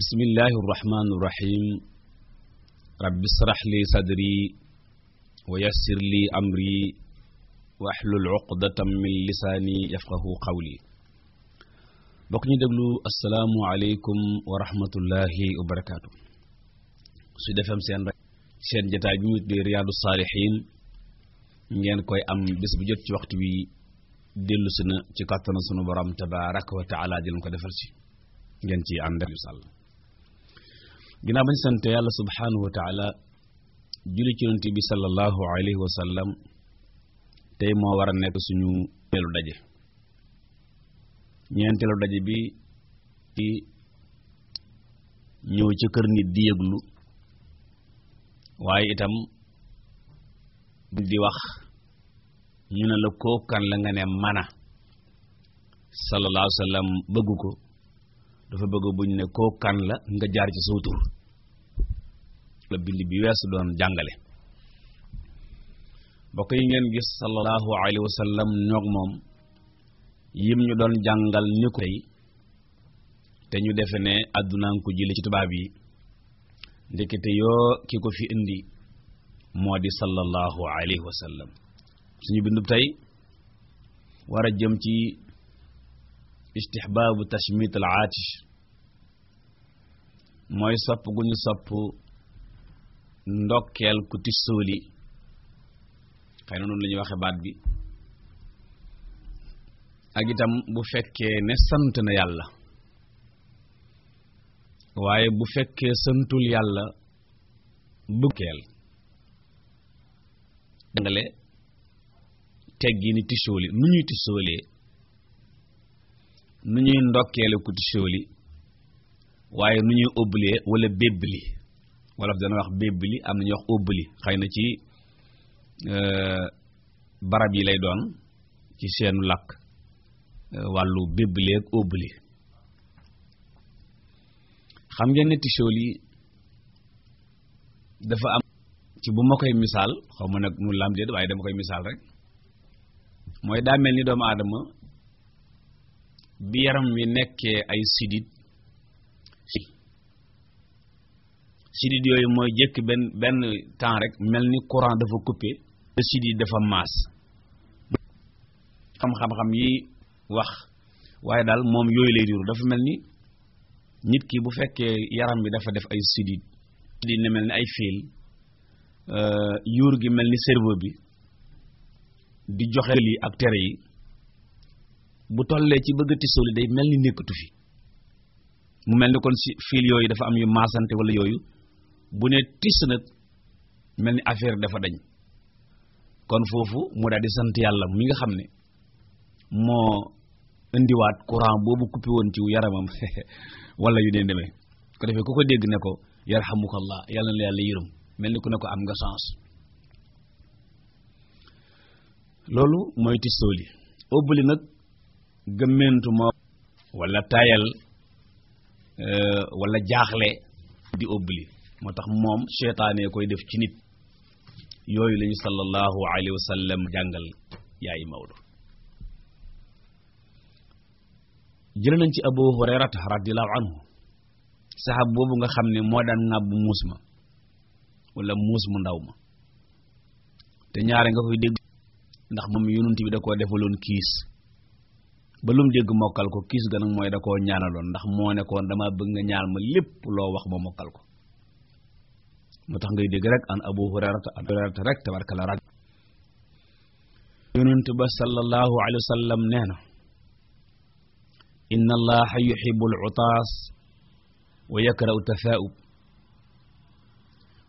bismillahi irrahmani irrahim rabbi srax li sadri wa yassir li amri wa ahlul uqdatam min lisaani yafqahu qawli bokk ñu déglu asalaamu aleykum wa rahmatullahi su defem seen rek seen jataay ngeen koy am bés bu jot ci waxtu wi dellu si na ci kàttana sunu borom tabaraka wa taala jëlum ko defal ci ngeen ci ànd yu sàll ginnaaw bañ sant yàlla subhaanahu wa taala julli ci yonent bi sallallahu alayhi wa tey moo war a nekk suñu teelu daje ñeenteelu daje bi ci ñëw ci kër nit di yëglu waaye itam di wax ñu ne la koo kan la nga ne mana sallallahu alayhi bëgg ko dafa bëgg buñ ne koo kan la nga jaar ci sawtur la bind bi weesu doon jàngale bokk yi ngeen gis sallallahu alayhi wa sallam ñoog moom yim ñu doon jàngal ni ko tey te ñu defe ne àdduna ko jële ci tubaab yi ndekete yoo ki ko fi indi moo di sallallahu alayhi wa sallam suñu bindub tey war a jëm ci istihbaabu tashmit al aatish mooy sopp gu ñu sopp ndokkeel ku tissooli xëy na noonu la waxe baat bi ak itam bu fekkee ne sant na yàlla waaye bu fekkee santul yàlla bukkeel dangale teggi ni tissooli nu ñuy tissoolee nu ñuy ndokkeele ku tissooli waaye nu ñuy oblee wala bébbli wolof dana wax bébbli am nañu wax óbbli xay na ci euh, barab yi lay doon ci seenu làkk euh, wàllu bébbli ak óbbli xam ngeen ne tisool yi dafa am ci bu ma koy misaal xaw ma nag nu lam waaye dama koy misaal rek mooy daa mel ni doomu aadama bi yaram wi nekkee ay sidit sidit yooyu mooy jëkk benn benn temps rek mel ni courant dafa coupé te sidit dafa maas xam-xam-xam yi wax waaye daal moom yooyu lay diiru dafa mel ni nit ki bu fekkee yaram bi dafa def ay sidit sidit ne mel ni ay fiil euh, yuur gi mel ni cerveau bi di joxe li ak tere yi bu tollee ci bëgg tisoli day mel ni nekkatu fi mu mel ni kon si fiil yooyu dafa am yu maasante wala yooyu bu ne tis nag mel ni affaire dafa dañ kon foofu mu daal di sant yàlla mi nga xam ne moo indiwaat courant boobu coupé woon ci yaramam wala yu ne demee ko defee ku ko dégg ne ko yarhamukallah yàlla na yàlla yërëm mel ni ku ne ko am nga sens loolu mooy tisooli óbbali nag gëmmentu moo wala tayal euh, jaaxle di óbbali moo tax moom seetaanee koy def ci nit yooyu lañu sallallahu alayhi wa sallam jàngal yaay Maodo jël nañ ci Abu Hurayrata radiyallahu anhu saxaab boobu nga xam ne moo daan ŋàbb muus ma walla muus mu ndaw ma te ñaare nga koy dégg ndax moom yonent bi da koo defaloon kiis ba lu mu dégg mokkal ko kiis ga nag mooy da koo ñaanaloon ndax moo nekkoon dama bëgg nga ñaal ma lépp loo wax ma mokkal ko moo tax ngay dégg rek an abu hurayrata abu hurayrata rek tabarkala rag yonent ba sallallahu alayhi wa sallam nee na inna allaha yuhibbu al-utaas wa yakrahu tafaa'ub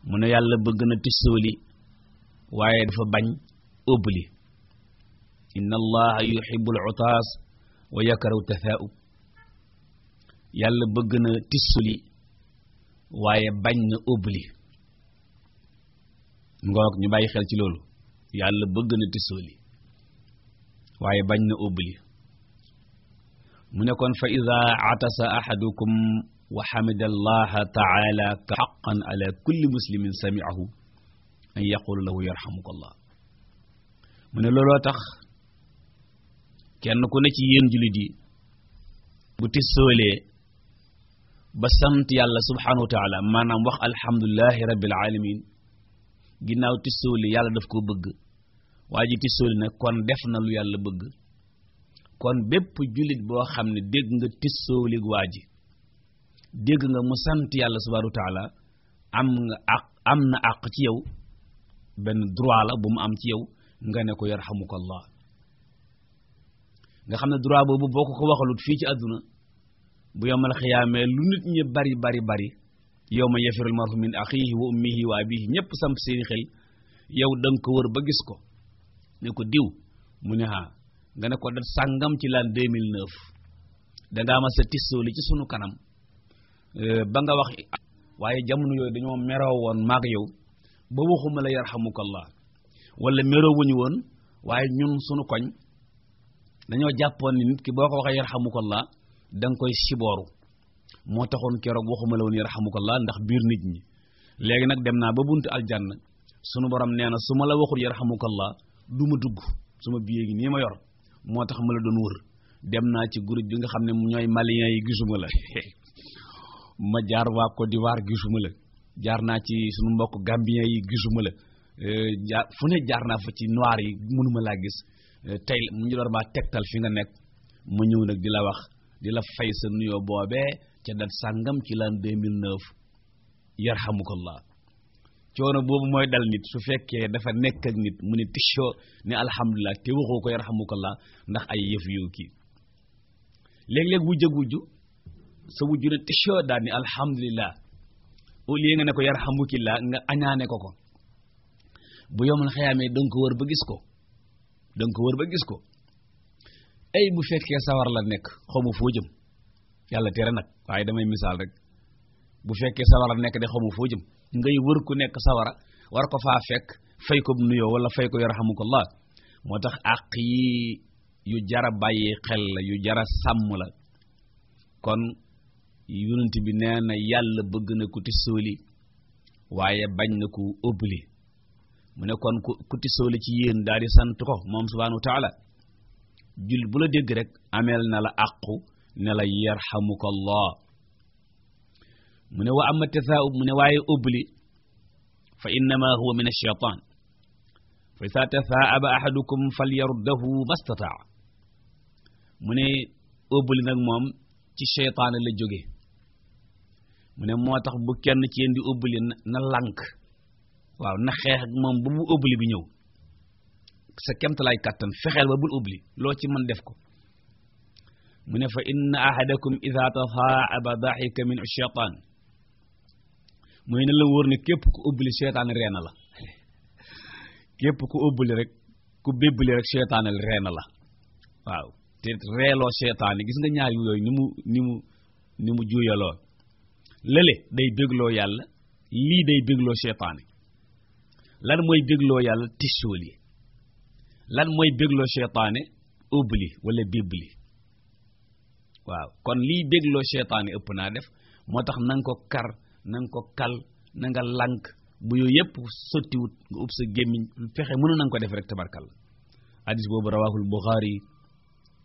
mu ne yàlla bëgg na tissooli waaye dafa bañ ëbbli inna allaha yuhibbu al-utaas wa yakrahu tafaa'ub yàlla bëgg na tissooli waaye bañ na ëbbli ngoog ñu bàyyi xel ci loolu yàlla bëgg na tisóoli waaye bañ na óbbli mu ne kon fa ida atasa ahadukum wa xamida allaha taala ka xaqan ala kulli muslimin samiahu an yaqulu lahu yarxamuka allah mu ne looloo tax kenn ku ne ci yéen jullit yi bu tisóolee ba sant yàlla subhanahu wa taala maanaam wax alhamdulilahi rabbil alamin ginnaaw li yàlla daf koo bëgg waa ji li nag kon def na lu yàlla bëgg kon bépp jullit boo xam ne dégg nga tissoolig waa ji dégg nga mu sant yàlla subhanahu wa taala am nga àq am na àq ci yow benn droit la bu mu am ci yow nga ne ko yarhamukallah nga xam ne droit boobu boo ko ko waxalut fii ci àdduna bu yomal xiyaamee lu nit ñi bari bari bari yow ma yafirul mar'u min axiihi wa ummihi waa abiihi ñëpp samp seeni xel yow danga nga ko wër ba gis ko ne ko diw mu ne ah nga ne ko dat sàngam ci laan 2009 da ngaa ma sa tistooli ci sunu kanam euh, ba nga wax waaye jamono yooyu dañoo meroo woon maag yow ba waxuma la yarhamukallah wala meroo wuñu woon waaye ñun sunu koñ dañoo jàppoon ni nit ki boo ko waxee ko da nga koy sibooru moo taxoon keroog waxuma la woon yarhamukallah ndax biir nit ñi léegi nag dem naa ba buntu aljanna sunu borom nee na su ma la waxul yarhamukallah du ma dugg suma biyee gi nii ma yor moo tax ma la doon wër dem naa ci groupe bi nga xam ne ñooy maliens yi gisuma la ma jaar waa Côte la jaar naa ci sunu mbokk gambien yi gisuma la euh, jaar fu ne jaar naa fa ci noir yi mënuma laa gis euh, tey mu ñu door maa fi nga nekk mu ñëw nag di la wax di la fay sa nuyoo boobee ca dat sàngam ci l'an 2009 yarhamukallah coono boobu mooy dal nit su fekkee dafa nekk ak nit mu ne tichoo ne alhamdulilah te waxoo ko yarhamukallah ndax ay yëf yow kii léeg-léeg wujjëg wujju sa wujju ne tichoo daal ni alhamdulilah au lieu nga ne ko yarhamukillah nga añaane ko ko bu yomul xayaamee danga ko wër ba gis ko danga ko wër ba gis ko ay bu fekkee sawar la nekk xamu foo jëm yàlla tere nag waaye damay misaal rek bu fekkee sawara nekk de xamu foo jëm ngay wër ku nekk sawara war ko faa fekk fay ko nuyoo wala fay ko yarhamukallah moo tax àq yi yu jara bàyyi xel la yu jara sàmm la kon yonent bi nee na yàlla bëgg na ku tisooli waaye bañ na ku obli mu ne kon ku ku tisooli ci yéen daal di sant ko moom subhaanahu wa jul bu la dégg rek ameel na la àqu ne la yarhamuka allah mu ne wa amma tasaa'ub mu ne waaye obli fa innama huwa min ash-shaytaan fa isaa tasaa'aba ahadukum falyaruddahu mastataa mu ne ubli nag moom ci shaytaan la jóge mu ne moo tax bu kenn ci yéen di ubli na lànk waaw na xeex ak moom ba bu ubli bi ñëw sa kemtalaay kàttan fexeel ba bul obli loo ci mën def ko mu ne fa inna ahadakum idha tatha'aba dahika min ash-shaytan mooy ne la wóor ne képp ku ubbali seytaane reena la képp ku ubbali rek ku bébbali rek reena la waaw te reeloo seytaane gis nga ñaar yu yooyu ni mu ni ni mu juuyaloo lële day bégloo yàlla lii day bégloo seytaane lan mooy bégloo yàlla tisóol yi lan mooy bégloo seytaane ubbali wala bébli waaw kon lii bégloo seytaane ëpp naa def moo tax na nga ko kar na nga ko lànk bu yooyu yëpp sottiwut nga ub sa gémmiñ fexe mënu na nga ko def rek tabarkal hadis boobu rawaahul Buxaari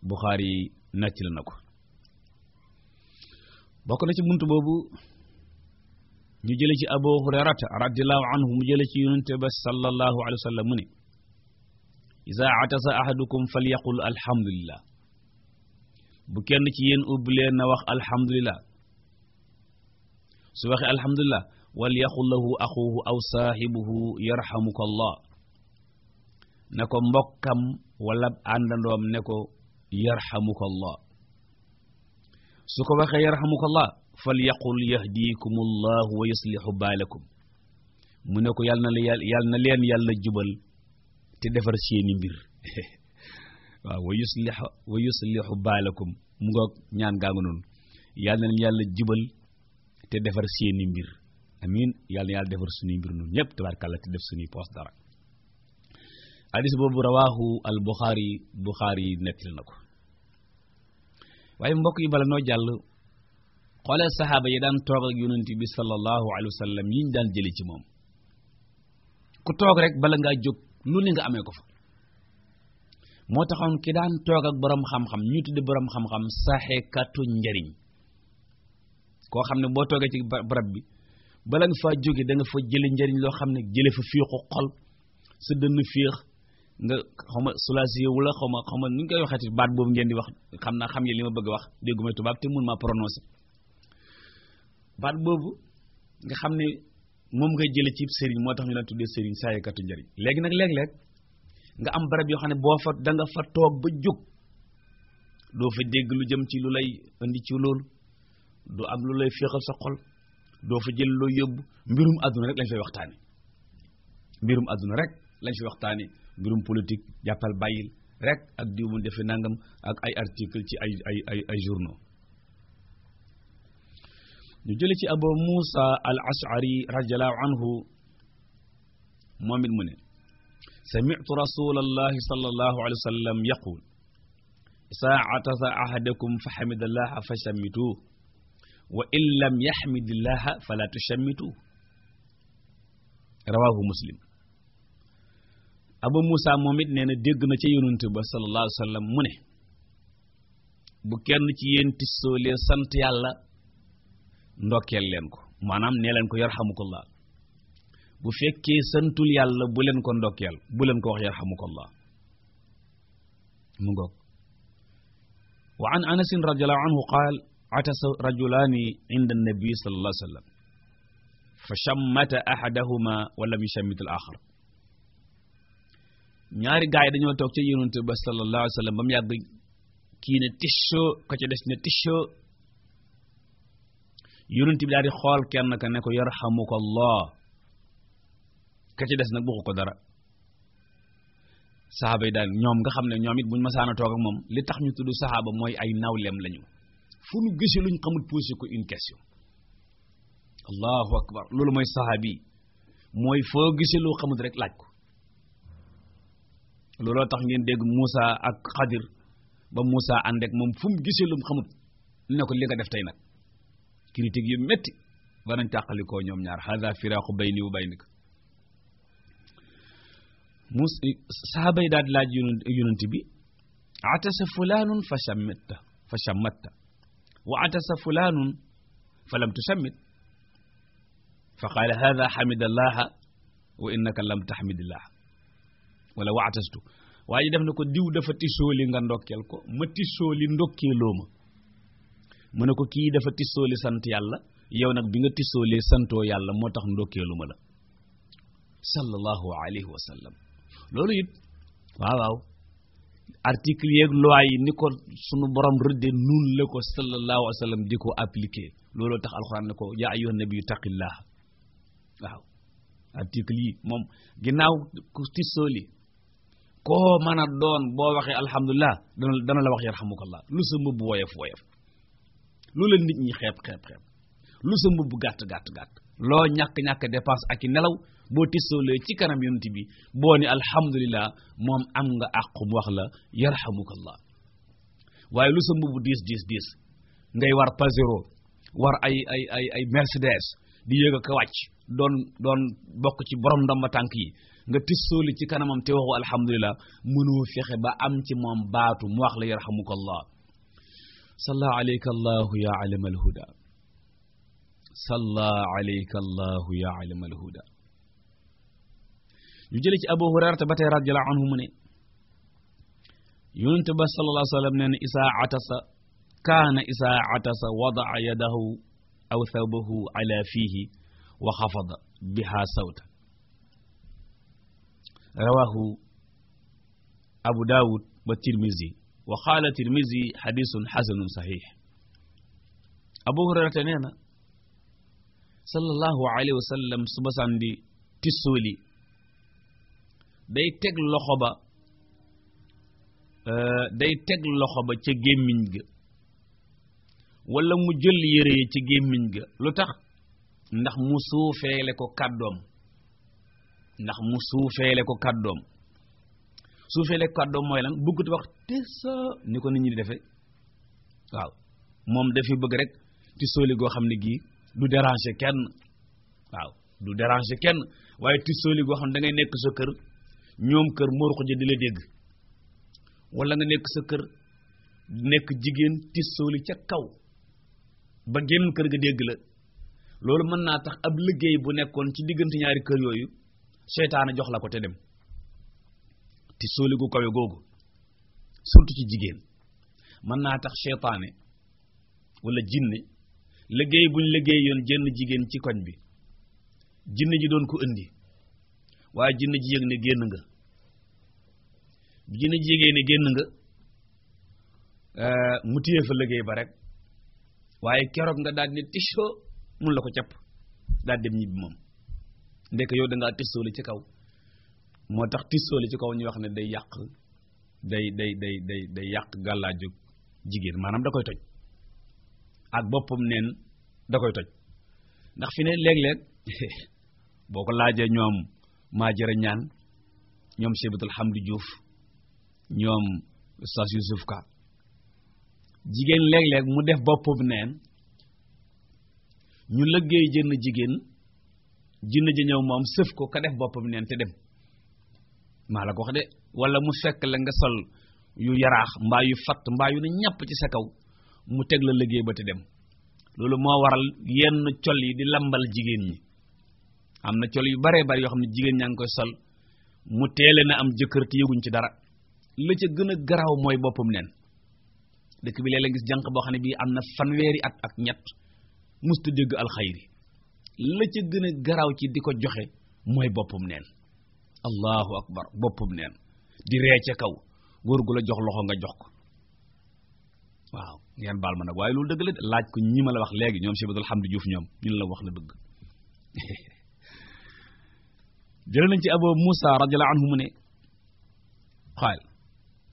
Buxaari nàcc la na ko bokk na ci bunt boobu ñu jële ci Abu Hurayrata radiyallahu anhu mu jële ci yonente ba sallallahu alayhi wa sallam mu ne izaa atasa ahadukum falyaqul alhamdulillah bu kenn ci yéen ubbilee na wax alhamdulillah su waxe alhamdulillah wal yaqul lahu axuhu aw saaxibuhu yarxamuka allah ne ko mbokkam wala àndandoom ne ko yarxamuka allah su ko waxee yarxamuka allah fal yaqul yahdikum allahu wa yuslixu baalakum mu ne ko yàlla na yàlla na leen yàlla jubal te defar seeni mbir waaw wa yuslih wa yuslihu baalakum mu ngoog ñaan gaa nga noonu yàlla nañ yàlla jibal te defar seeni mbir amin yàlla na yàlla defar suñuy mbir noonu ñëpp tabaarkàlla te def suñuy poos dara hadis boobu rawaahu al buxaari nekk nettali na ko waaye mbokk yi bala noo jàll xoolee saxaaba yi daan toog ak yonent bi sallallahu alayhi wa sallam yi ñu daan jëli ci moom ku toog rek bala ngaa jóg lu ne nga amee ko fa moo taxoon ki daan toog ak borom xam-xam ñu tuddi borom xam-xam saxekatu njariñ koo xam ne boo toogee ci barab bi bala nga faa jóge danga nga fa jële njariñ loo xam ne jële fa fiixu xol sa dënn fiix nga xawma soulagé wu la xawma xawma nu ñu koy waxeeti baat boobu ngeen di wax xam naa xam ngeen li ma bëgg a wax dégguma tubaab te mun maa prononcé baat boobu nga xam ne moom ngay jële ci sëriñ moo tax ñu la tuddee sëriñ saxekatu njariñ léegi nag léeg-léeg nga am barab yoo xam ne boo fa da fa toog ba jóg doo fa dégg lu jëm ci lu lay indi ci loolu du am lu lay féexal sa xol doo fa jël loo yóbbu mbirum àdduna rek lañ fay waxtaani mbirum àdduna rek lañ fay waxtaani mbirum jàppal bàyyil rek ak diw mu defe nangam ak ay article ci ay ay journaux ñu jële ci abu musa al ashari radiallahu anhu moom it mu ne samitu rasulallahi sallallahu alayhi wa sallam yaqul isaa atasa ahadakum fa hamidallaha fa shammitu wa in lam yaxmidillaha fala tushammitu rawahu muslim abu musa moom it nee na dégg na ca yonent ba sallallahu alayhi mu ne bu kenn ci yéen tissoolee sant yàlla ndokkeel leen ko maanaam nee leen ko yarhamukallah bu fekkee santul yàlla bu leen ko ndokkeel bu leen ko wax yarhamukallah mu ngoog wa an anasin radiallahu anhu qaal atasa wa sallam fa shammata wa lam yushammit al yi dañoo toog ca yonente ba sallallahu alayhi wa sallam ba mu kenn ka ne ko ka des nag waxu ko dara saxaaba yi daal ñoom nga xam ne ñoom it buñ ma saana toog moom li tax ñu tudd saxaaba mooy ay nawleem lañu fu nu gisee luñ xamul posé ko une question allahu akbar loolu mooy saxaabi mooy foo gisee loo xamul rek laaj ko looloo tax ngeen dégg Moussa ak Xadir ba Moussa ànd ak moom fu mu gisee lu mu xamut ne ko li nga def tey nag critique yu métti ba nañ tàqalikoo ñoom ñaar hada firaqu bayni wa baynika mus saaba yi daal di laaj yonent bi atasa fulaanun fa shammatta wa atasa fulaanun fa lam tushammit fa qaala hada xamidallaha wa innaka lam taxmidillaha wala wa atastu waaye def na ko diw dafa tisooli nga ndokkeel ko ma tisooli ndokkeeloo ma mu ne ko kii dafa tisooli sant yàlla yow nag bi nga tisoolee santoo yàlla moo tax ndokkeelu la sallallahu alayhi wa sallam loolu it waaw waaw article yeeg loi ni ko sunu borom rëdde nun la ko sallallahu alayhi wa sallam di ko appliquer looloo tax alxuraan ne ko yaa ayyuhan nabiyyu taqillah waaw article yi moom ginnaaw ku tissooli koo mën a doon boo waxee alhamdulilah dana dana la wax yarhamukallah lu sa mbubb woyof woyof lu la nit ñi xeeb xeeb xeeb lu sa mbubb gàtt gàtt gàtt loo ñàkk-ñàkk dépense ak i nelaw boo tisoolee ci kanam yonent bi boo ne alhamdulillah moom am nga àqum wax la yarhamukallah waaye lu sa mbubu diis diis ngay war Pajero war ay ay Mercedes di yéeg ak doon doon bokk ci borom ndamba tànk yi nga tisooli ci kanam te waxu alhamdulillah mënoo fexe ba am ci moom baatu mu wax la yarhamukallah salla alayka allahu ya alama alhuda salla alayka allahu ya alama alhuda ñu jëlee ci abu hurayrata ba tey radiyallahu anhu mu ne yonent ba sallallahu alayhi wa sallam nee na isaa atasa kaana isaa atasa wadaa yadahu aw thawbahu ala fiihi wa xafada biha sawta rawahu abu daawud wa tirmizi wa qaala tirmizi xadisun xasanun saxiix abu hurayrata nee na sallallahu alayhi wa sallam suba sandi tissooli day teg loxo ba euh, day teg loxo ba ca gémmiñ ga wala mu jël yére yi ci gémmiñ ga lu tax ndax mu suufeele ko kàddoom ndax mu suufeele ko kàddoom suufeele ko kàddoom mooy lan bëggut wax te sa ni ko nit ñi di defe waaw moom dafi bëgg rek ci sóoli goo xam ne gii du déranger kenn waaw du déranger kenn waaye ci sóoli goo xam ne da ngay nekk sa kër ñoom kër Mor Khoudia di la dégg wala nga nekk sa kër nekk jigéen tissooli ca kaw ba génn kër ga dégg la loolu mën naa tax ab liggéey bu nekkoon ci diggante ñaari kër yooyu seytaana jox la ko te dem tissooli gu kawe googu surtout ci jigéen mën naa tax seytaane wala jinne liggéey buñ liggéey yoon jenn jigéen ci koñ bi jinne ji doon ko indi waaye jinn ji yëg ne génn nga bi jinn ji yëgee ne génn nga eh, mu fa liggéey ba rek waaye keroog nga daal di mun la ko capp daal dem ñibbi moom ndek yow da ngaa ci kaw moo tax tisooli ci kaw ñu wax ne day yàq day day day day day yàq gàllaaju jigéen maanaam da koy toj ak boppam neen da koy toj ndax fi ne léeg-léeg boo ko laajee ñoom maa jërë ñaan ñoom Cheikh xam Hamdi Diouf ñoom Oustaz Youssouf Ka jigéen léeg-léeg mu def boppam neen ñu liggéey jënn jigéen jinn ja ñëw moom sëf ko ka def boppam neen te dem maa la ko wax de wala mu fekk la nga sol yu yaraax mbaa yu fatt mbaa yu ne ñàpp ci sa kaw mu teg la liggéey ba te dem loolu moo waral yenn col yi di lambal jigéen ñi am na col yu baree bari yoo xam ne jigéen ñaa ngi koy sol mu teele na am jëkkër te yëguñ ci dara la ca gën a garaaw mooy boppam neen dëkk bi léeg-léeg gis jànq boo xam ne bii am na fanweeri at ak ñett musta dégg alxayri la ca gën garaaw ci di ko joxe mooy boppam neen allahu akbar boppam neen di ree ca kaw góor gu la jox loxo nga jox ko waaw ngeen baal ma nag waaye loolu dëgg la laaj ko ñi ma la wax léegi ñoom si Abdoul Hamdi Diouf ñoom ñu la wax la dëgg jëlee nañ ci abu musa radiyallahu anhu mu ne qaal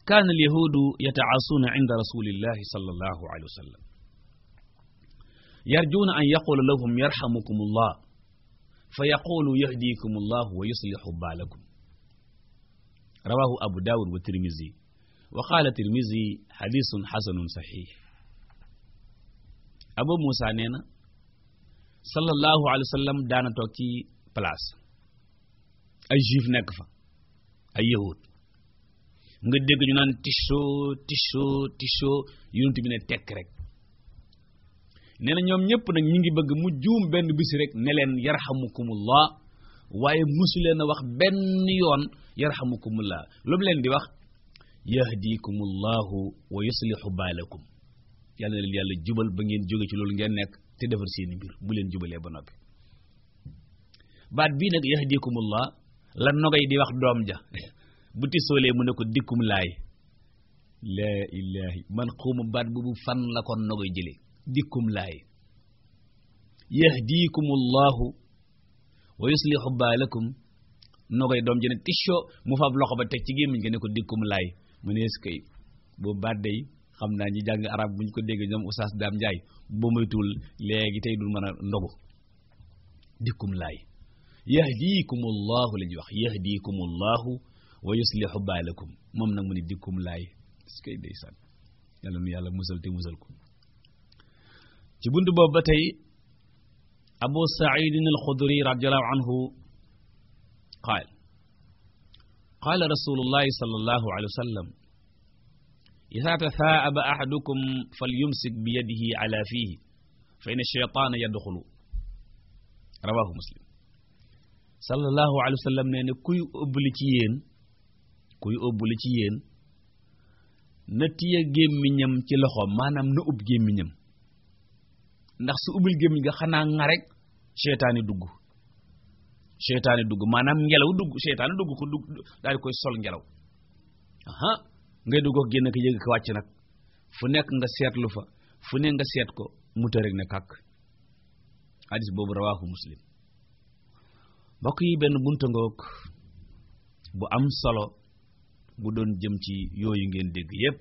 kaana alyahuudu yataasuuna inda rasulillahi sallallahu alayhi wa sallam yarjuuna an yaqula lahum yarhamukum allah fa yaqulu yahdiikum allah wa yuslihu baalakum rawahu abu daawud wa tirmizi wa qaala tirmizi xadisun xasanun saxiix abu musa nee na sallallahu alayhi wa sallam daana toog ci place ay juif nekk fa ay yahud nga dégg ñu naan tiso tiso tiso yonent bi ne tekk rek nee na ñoom ñëpp nag ñu ngi bëgg mu juum benn bisi rek ne leen yarhamukumullah waaye musu leen a wax benn yoon yarhamukumullah lu mu leen di wax yahdikumullahu wa yuslihu baalakum yàlla na leen yàlla jubal ba ngeen jóge ci loolu ngeen nekk te defar seeni mbir bu leen jubalee ba noppi baat bii nag yahdikumullah lan nogay di wax doom ja bu tisoolee mu ne ko dikkum laay laa ilaahi man xawma baat boobu fan la ko nogay jële dikkum laay yahdikum allahu wa yuslihu baalakum nogay doom ja ne tisoo mu fab loxo ba teg ci gémmiñ ga ne ko dikkum laay mu ne eskay boobu baat day xam naa ñi jàng arab bu ñu ko dégg ñoom Oustaz Dame Ndiaye ba moytuwul léegi tey du mën a ndogu dikkum laay yahdikum allahu la ñuy wax yahdikum allahu wa yuslihu baalakum moom nag mu ne dikkum laay si kay ndeysaan yàlla nu yàlla musal te musal ko ci bunt boobu ba tey abu saidin alxudri radiallahu anhu qaal qaala rasulullahi sallallahu alayhi wa sallam ida tasaaba ahadukum falyumsik biyadihi ala fihi fa in shaytaana yadxulu rawahu muslim sallallahu alayhi wa nee ne kuy ëbbali ci yéen kuy ëbbali ci yéen na téye gémmiñam ci loxoom maanaam na ub gémmiñam ndax su ubbil gémmiñ nga xanaa nga rekk seytaane dugg seytaane dugg maanaam ngelaw dugg seytaane dugg ko dugg daal di koy sol ngelaw aha ngay dugg ko génn ko yëg ko wàcc nag fu nekk nga seetlu fa fu ne nga seet ko mu tërëg ne kàkk hadis boobu rawaahu muslim mbokk yi benn bunta ngoog bu am solo bu doon jëm ci yooyu ngeen dégg yépp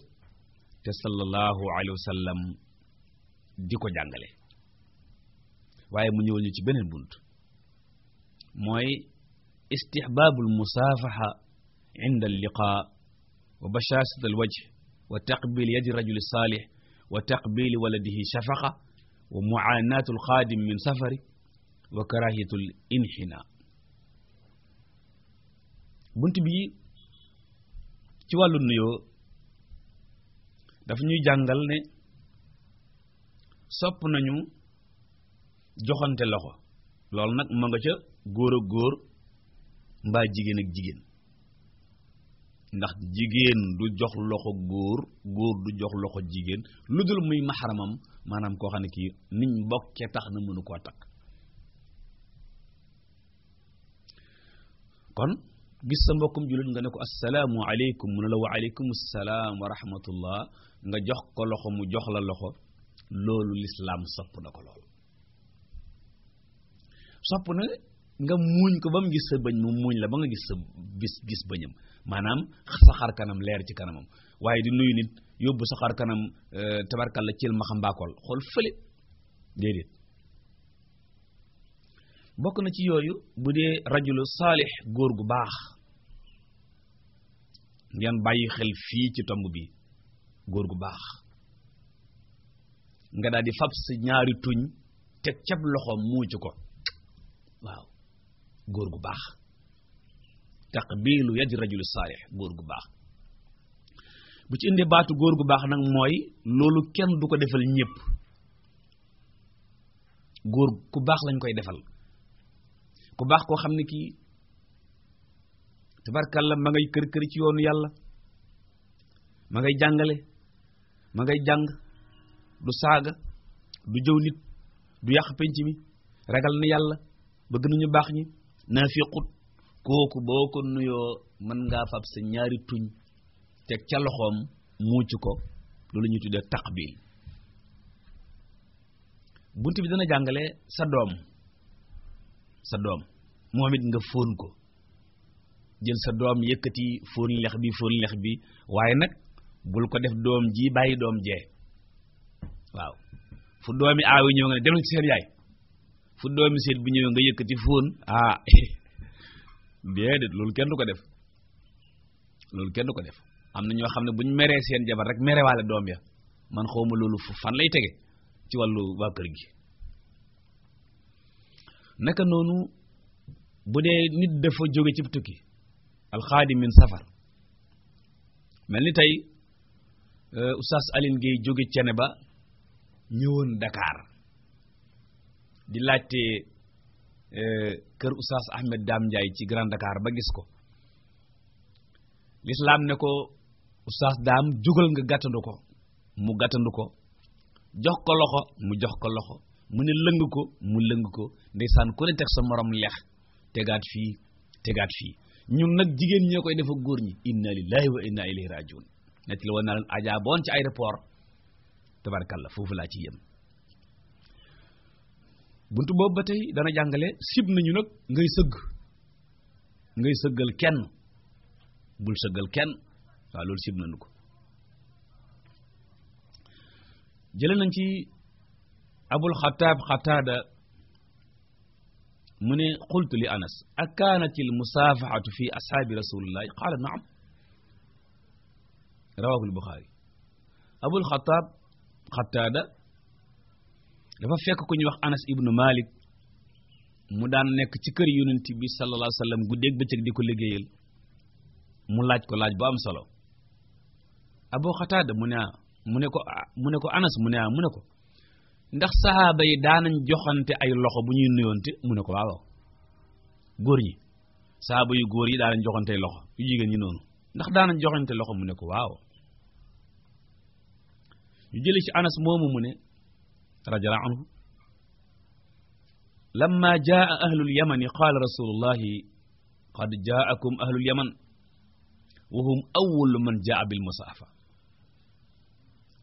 te sallallahu alayhi wa di ko jàngale waaye mu ñëwal ñu ci beneen bunt mooy istihbaabul musaafaha inda alliqaa wa bashaasat alwajh wa taqbil yadi rajuli saalih wa taqbili waladihi shafaqa wa muaanaatu alxaadim min safari wa karaahiyatul inxinaa bunt bii ci wàllu nuyoo dafa ñuy jàngal ne sopp nañu joxante loxo loolu nag ma nga ca góor ak góor mbaa jigéen ak jigéen ndax jigéen du jox loxo góor góor du jox loxo jigéen lu dul muy maxaramam maanaam koo xam ne kii niñ bokkee tax na mënu koo takk kon gis sa mbokkum jullit nga ne ko assalaamu aleykum mu ne la wa aleykum salaam wa rahmatullah nga jox ko loxo mu jox la loxo loolu lislaam sopp na ko lool sopp na nga muuñ ko ba mu gis sa bëñ mu muuñ la ba nga gis sa gis gis bëñam maanaam sa xar kanam leer ci kanamam waaye di nuyu nit yóbbu sa xar kanam eh, tabarkal la cil ma xam xool fële déedéet bokk na ci yooyu bu dee rajulu saalix góor gu baax ngeen bàyyi xel fii ci tomb bi góor gu baax nga daal di fab sa ñaari tuñ teg cab loxoom muuj ko waaw góor gu baax taqbilu yadi rajulu saalix góor gu baax bu ci indee baatu góor gu baax nag mooy loolu kenn du ko defal ñépp góor ku baax lañ koy defal ku baax koo xam ne kii tabarkalla ma ngay kër kër ci yoonu yàlla ma ngay jàngale ma ngay jàng du saaga du jëw nit du yàq penc mi ragal na yàlla bëgg nañu baax ñi naafiqut kooku boo ko nuyoo mën ngaa fab sa ñaari tuñ teg ca loxoom muuc ko loolu ñuy tuddee taqbil bunt bi dana jàngale sa doom sa doom moom it nga fóon ko jël sa doom yëkkati fóon lex bi fóon lex bi waaye nag bul ko def doom ji bàyyi doom jee waaw fu doomi aawi ñëw nga ne demal ci seen yaay fu doomi seet bu ñëw nga yëkkati fóon ah déedéet loolu kenn du ko def loolu kenn du ko def am na ñoo xam ne bu meree seen jabar rek merewaale doom ya man xawma loolu fan lay tege ci wàllu waa kër gi naka noonu bu dee nit dafa jóge ci tukki alxaadi min safar mel ni tey euh, oustaz Aline Gueye jóge cene ba ñëwoon Dakar di laajte euh, kër oustaz Ahmed Dame Ndiaye ci Grand Dakar ba gis ko lislaam ne ko oustaz Dame jugal nga gàttandu ko mu gàttandu ko jox ko loxo mu jox ko loxo mu ne lëng ko mu lëng ko ndeysaan ku ne teg sa morom lex tegaat fii tegaat fii ñun nag jigéen ñoo koy def ak góor ñi inna lillahi wa inna ilayhi rajiun nekk la woon naa leen ajaa boon te aéroport la foofu laa ci yem buntu boobu ba tey dana jàngale sib nañu nag ngay sëgg ngay sëggal kenn bul sëggal kenn waaw loolu sib nañu ko jële nañ ci abul xataab mu ne qultu li anas a kaanati fi ashaabi rasulillahi qaala naam rawahu l buxaari abul xataab xataada dafa fekk ku ñuy wax anas ibnu malik mu daan nekk ci kër yonent bi sallallahu alayhi wa sallam guddeeg bëccëg di ko liggéeyal mu laaj ko laaj bu am solo abu xataada mu ne mu ne ko mu ne ko anas mu ne mu ne ko ndax saxaaba yi daanañ joxante ay loxo bu ñuy nuyoonte mu ne ko waaw góor ñi saxaaba yu góor yi daanañ joxante ay loxo yu jigéen ñi noonu ndax daanañ joxante loxo mu ne ko waaw ñu jëli ci anas moomu mu ne radiyallahu anhu lamma jaa ahlul yamani qaala rasulullahi qad jaakum ahlul yaman wa hum awwalu man jaa bil musaafa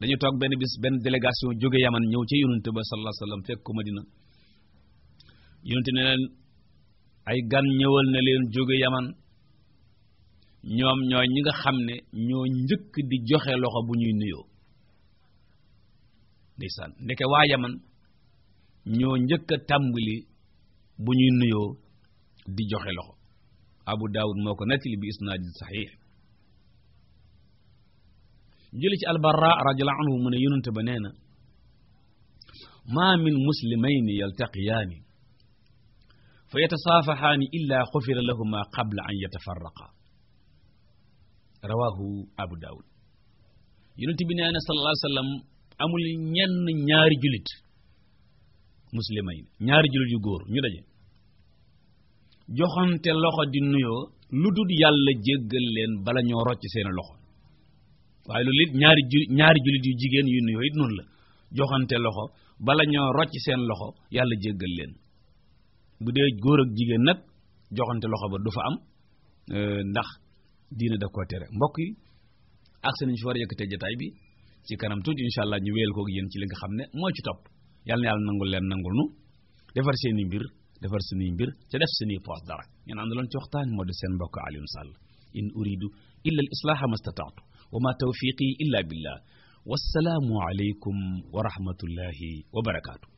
dañu toog benn bis benn délégation jóge yaman ñëw ca yonente ba sallallahu alayhi wasallam fekk ko Madina yonente ne ay gan ñëwal na leen jóge yaman ñoom ñooy ñi nga xam ne ñoo njëkk di joxe loxo bu ñuy nuyoo ndeysaan ndeke waa yaman ñoo njëkk a tàmbali bu ñuy nuyoo di joxe loxo Abu Dawud moo ko nettali bi isnaadin saxiix jëli ci albarra radiyallahu anhu mu ne yonente ba nee na maa min muslimayni yaltaqiyaani fa yatasaafaxaani illa xufira lahuma qabla an yatafarraqa rawahu abu daawud yonente bi nee na sallallahu amul ñenn ñaari julit muslimayni ñaari julit yu góor ñu daje joxante loxo di nuyoo lu dul yàlla jéggal leen bala ñoo rocc seen loxo waaye loolu it ñaari ñaari jullit yu jigéen yu nu yooyu noonu la joxante loxo bala ñoo rocc seen loxo yàlla jéggal leen bu dee góor ak jigéen nag joxante loxo ba du fa am euh, ndax diina da koo tere mbokk yi ak seen ñu fi war bi ci kanam tuuti ñu wéyal koog yéen ci li nga xam ne moo ci topp yàlla yàlla nangul leen nangul nu defar seen i mbir defar suñuy mbir ca def suñuy poos dara ngeen àndaloon ci waxtaan moo di seen mbokk Alioune Sall in uridu illa al islaaha mastata'tu wa ma tawfiqi illa billah wassalaamu aleykum wa rahmatullahi wa barakaatu